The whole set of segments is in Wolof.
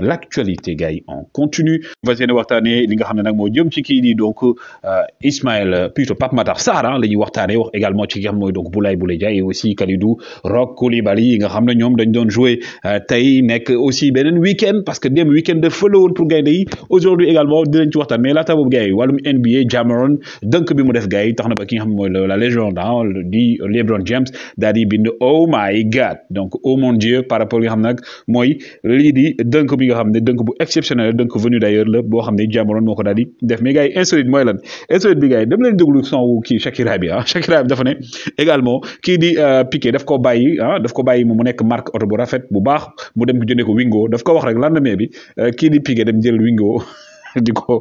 l'actualité gay en continu continue va seeni waxtaanee li nga xamné nak nag moo jëm ci ki di donc euh, Ismaël euh, plutôt Pape Matar Sar hein, la ñuy waxtaanee wax également ci xam donc Boulaye Boulaye et aussi Kalidou Rock Koulibaly yi nga xamné ñom dañ doon jouer euh, tay nek aussi benen week-end parce que dem week-end de fële pour gaynde aujourd'hui également dinañ ci waxtaan mais la tabou gay walum NBA Jamaron donc bi mu def gars taxna ba ki nga xam moy la légende ah di LeBron James dadi bind oh my god donc oh mon dieu par rapport nga xam nag moy li di donc bi nga xam dënk bu exceptionnel dënk venu d'ailleurs le bo xam ne moko daldi def mais gars insolite mooy lan insolite bi gars dem leen déglu son wu Shakira bi ah Shakira bi dafa ne également ki di euh, Piqué daf ko bayyi ah daf ko bàyyi mu nek marque auto bu rafet bu bax mu dem jëndee ko Wingo daf ko wax rek lendemain bi euh, ki di Piqué dem jël Wingo. diko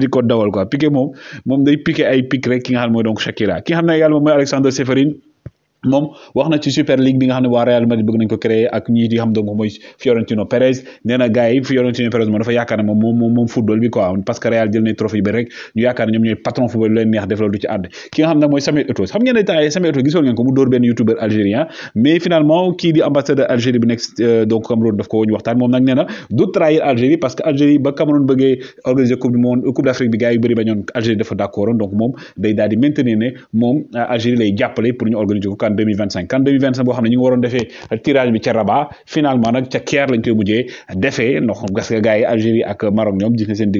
diko dawal quoi Piqué mom mom day Piqué ay pic rek ki nga xam ne donc Shakira ki nga également mooy Alexandre Seferin moom wax na ci super league bi nga xam ne waa Real Madrid bëgg nañ ko créer ak ñii xam donc mooy Fiorentino Perez nee na Fiorentino Perez moom dafa yaakaar ne moom moom football bi quoi parce que Real jël nañ trophée ngeen ko mu dóor benn youtubeur algérien mais finalement kii di ambassadeur Algérie bi nekk euh, donc Cameroun daf ko waxtaan moom nag nee du trahir Algérie parce que Algérie ba Cameroun bëggee organiser coupe du Afrique bi gars yu CAN 2025 CAN 2025 boo xam ne ñu ngi waroon defee bi ca Rabat finalement nag ca Caire lañ koy mujjee defee ndox gas nga gars Algérie ak Maroc ñoom gis nga seen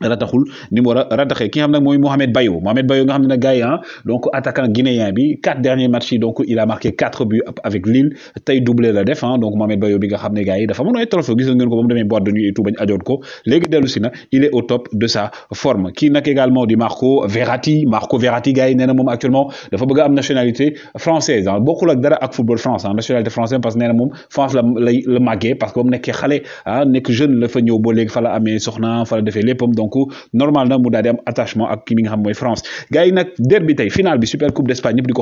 rataxul ni mo war a ki xam Mohamed Bayo Mohamed Bayo nga xam ne nag ah, donc attaquant guinéen bi quatre derniers matchs donc il a marqué quatre buts avec Lille tay doublé la def ah, donc Mohamed Bayo bi nga xam ne gars yi dafa mënoon trophée gis ngeen ko bam démé boîte de nuit et tout bañ ajoon ko légui dellu sina il est au top de sa forme ki nak également di Marco Verratti Marco Verratti gaay néna mom actuellement dafa bëgg am nationalité française hein bokkul ak dara ak football France hein nationalité française parce que mom France la le la parce que ba mu nekkee xale jeune la fa ñëw bo légui fa la amé soxna fa la défé léppam donc Sonko normalement, on mu daal am attachement ak ki mi France gars yi nag derbi tey final bi super coupe d'Espagne ñëpp di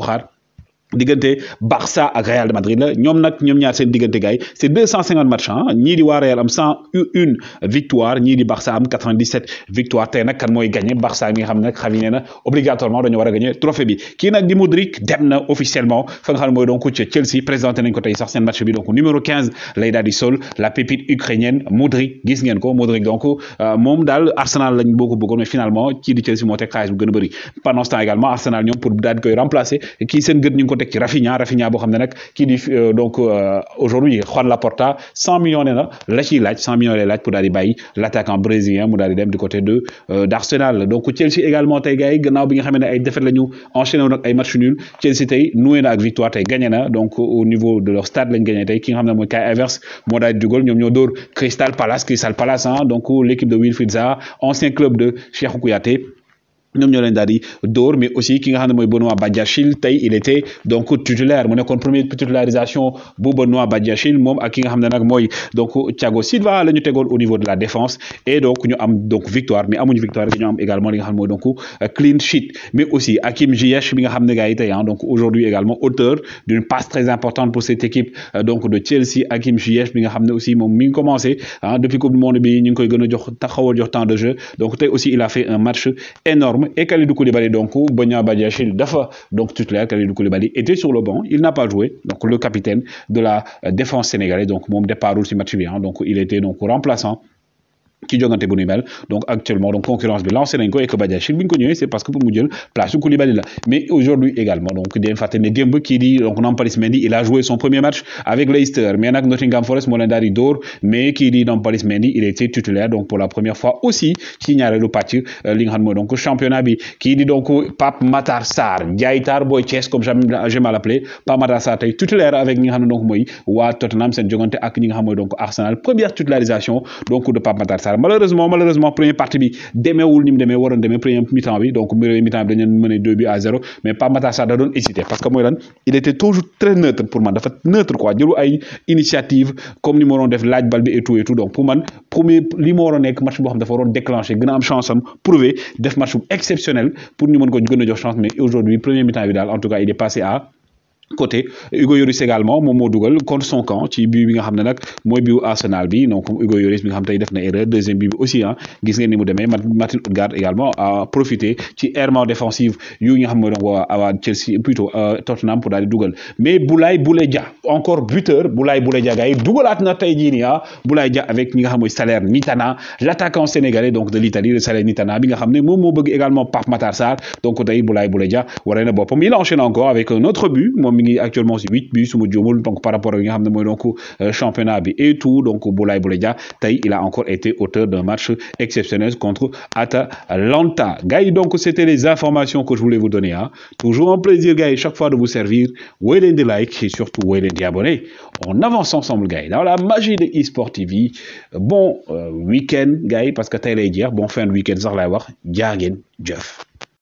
diggante Barça ak Real Madrid la n'ak nag ñoom ñaar seen diggante gay c'est 250 matchs ah ñii di wa Real am 101 une victoire ñi di Barça am 97 victoire tey nak kan moy gagné Barça mi nga xam ne na obligatoirement dañu wara a gagné trophée bi Ki nak di Modric dem na officiellement fa nga xam moy donc ci Chelsea présenté nañ ko tay sax seen match bi donc numéro 15 lay daal sol la pépite ukrainienne Modric gis ngeen ko Modric donc euh, mom dal Arsenal lañ boko bëggoon mais finalement ci di Chelsea moo teg xaalis bu gëna bëri pendant ce temps également Arsenal ñom pour daal koy remplacer ki seen gëd ñu ko qui Rafinha Rafinha boo xam ne nag euh, donc euh, aujourd'hui Juan Laporta 100 millions nee na la millions lay pour daal di l'attaquant brésilien mu daal di du côté de euh, d'Arsenal donc Chelsea également tey gars yi bi nga ay défaite la enchaîné woon match nul Chelsea tey noué na victoire et gagné donc au niveau de leur stade lañ gagné tey ki nga xam ne du Kai Havertz moo di ñoo Crystal Palace Crystal Palace hein, donc l'équipe de Wilfried Zaha ancien club de Cheikhou ñom ñoo leen daal di dóor mais aussi ki nga xam ne mooy Benoît Badiachil tay il était donc titulaire mu nekkoon première titularisation bu Benoît Badiachil moom ak ki nga xam ne nag mooy donc Thiago Silva la ñu tegoon au niveau de la défense et donc ñu am donc victoire mais amuñu victoire ñu am également li nga xam ne mooy donc clean sheet mais aussi Hakim Ziyech mi nga xam ne gars yi tey ah donc aujourd'hui également auteur d'une passe très importante pour cette équipe euh, donc de Chelsea Hakim Ziyech mi nga xam ne aussi moom mi ngi commencé ah depuis coupe du monde bi ñu ngi koy gën a jox taxawal jox temps de jeu donc tey aussi il a fait un match énorme et Khalidou Koulibaly donc Bonya Badiachil Dafa donc titulaire Khalidou Koulibaly était sur le banc il n'a pas joué donc le capitaine de la euh, défense sénégalaise donc mon départ match bien hein. donc il était donc remplaçant ci jongante bu nu mel donc actuellement donc concurrence bi lancé nañ ko et que Badiachile bi buñ ko ñëwé c'est parce que pour mu jël place su Koulibaly la mais aujourd'hui également donc di Fatene fàttali ne démb di donc Nampalys mendi il a joué son premier match avec Leicester mais nak Nottingham Forest mo leen dari di mais ki di Nampalys mendi il était titulaire donc pour la première fois aussi ci ñaareelu patch euh, li nga xam donc championnat bi ki di donc Pape Matar sar Ndiaye Boy comme j'aime mal l'appeler Pape Matar sar tay titulaire avec ñi nga xam donc moy wa Tottenham sen jongante ak ñi nga xam donc Arsenal première titularisation donc de Pape Matar Sarr malheureusement malheureusement premier parti bi demeewul ni mu waron, waroon premier mi-temps bi donc premier mi-temps bi dañu leen 2 buts à 0 mais pas Matar Sarr da doon hésiter parce que mooy lan il était toujours très neutre pour man dafa neutre quoi jëlu ay initiative comme nous mu waroon def laaj bi et tout et tout donc pour man premier li mu waroon match boo xam dafa waroon déclencher Grande am chance am prouver def match exceptionnel pour ñu mën ko gën jox chance mais aujourd'hui premier mi-temps bi d'Al. en tout cas il est passé à côté Hugo Lloris également Momo Dougal contre son camp ci biir bi nga xamné nak Arsenal bi donc Hugo Lloris bi nga xam tay def na erreur deuxième bi aussi hein gis ngeen ni mu démé Martin Odegaard également a profité ci errement défensive yu nga xam mo Chelsea plutôt euh, Tottenham pour aller Dougal mais Boulaye Bouledia encore buteur Boulaye Bouledia gay dougalat na tay jini hein. Dia avec Saler nga xam l'attaquant sénégalais donc de l'Italie le Nitana bi nga xamné Momo également Pape Matar Sarr donc tay Boulaye Boulaye waré na bopam il enchaîne encore avec un autre but actuellement c'est 8 buts donc par rapport à nga euh, championnat et tout donc au Boulaye tay il a encore été auteur d'un match exceptionnel contre Atalanta gay donc c'était les informations que je voulais vous donner hein. toujours un plaisir guys, chaque fois de vous servir woy de like et surtout woy on avance ensemble guys, dans la magie de eSport TV bon euh, week-end parce que tay lay bon fin de week-end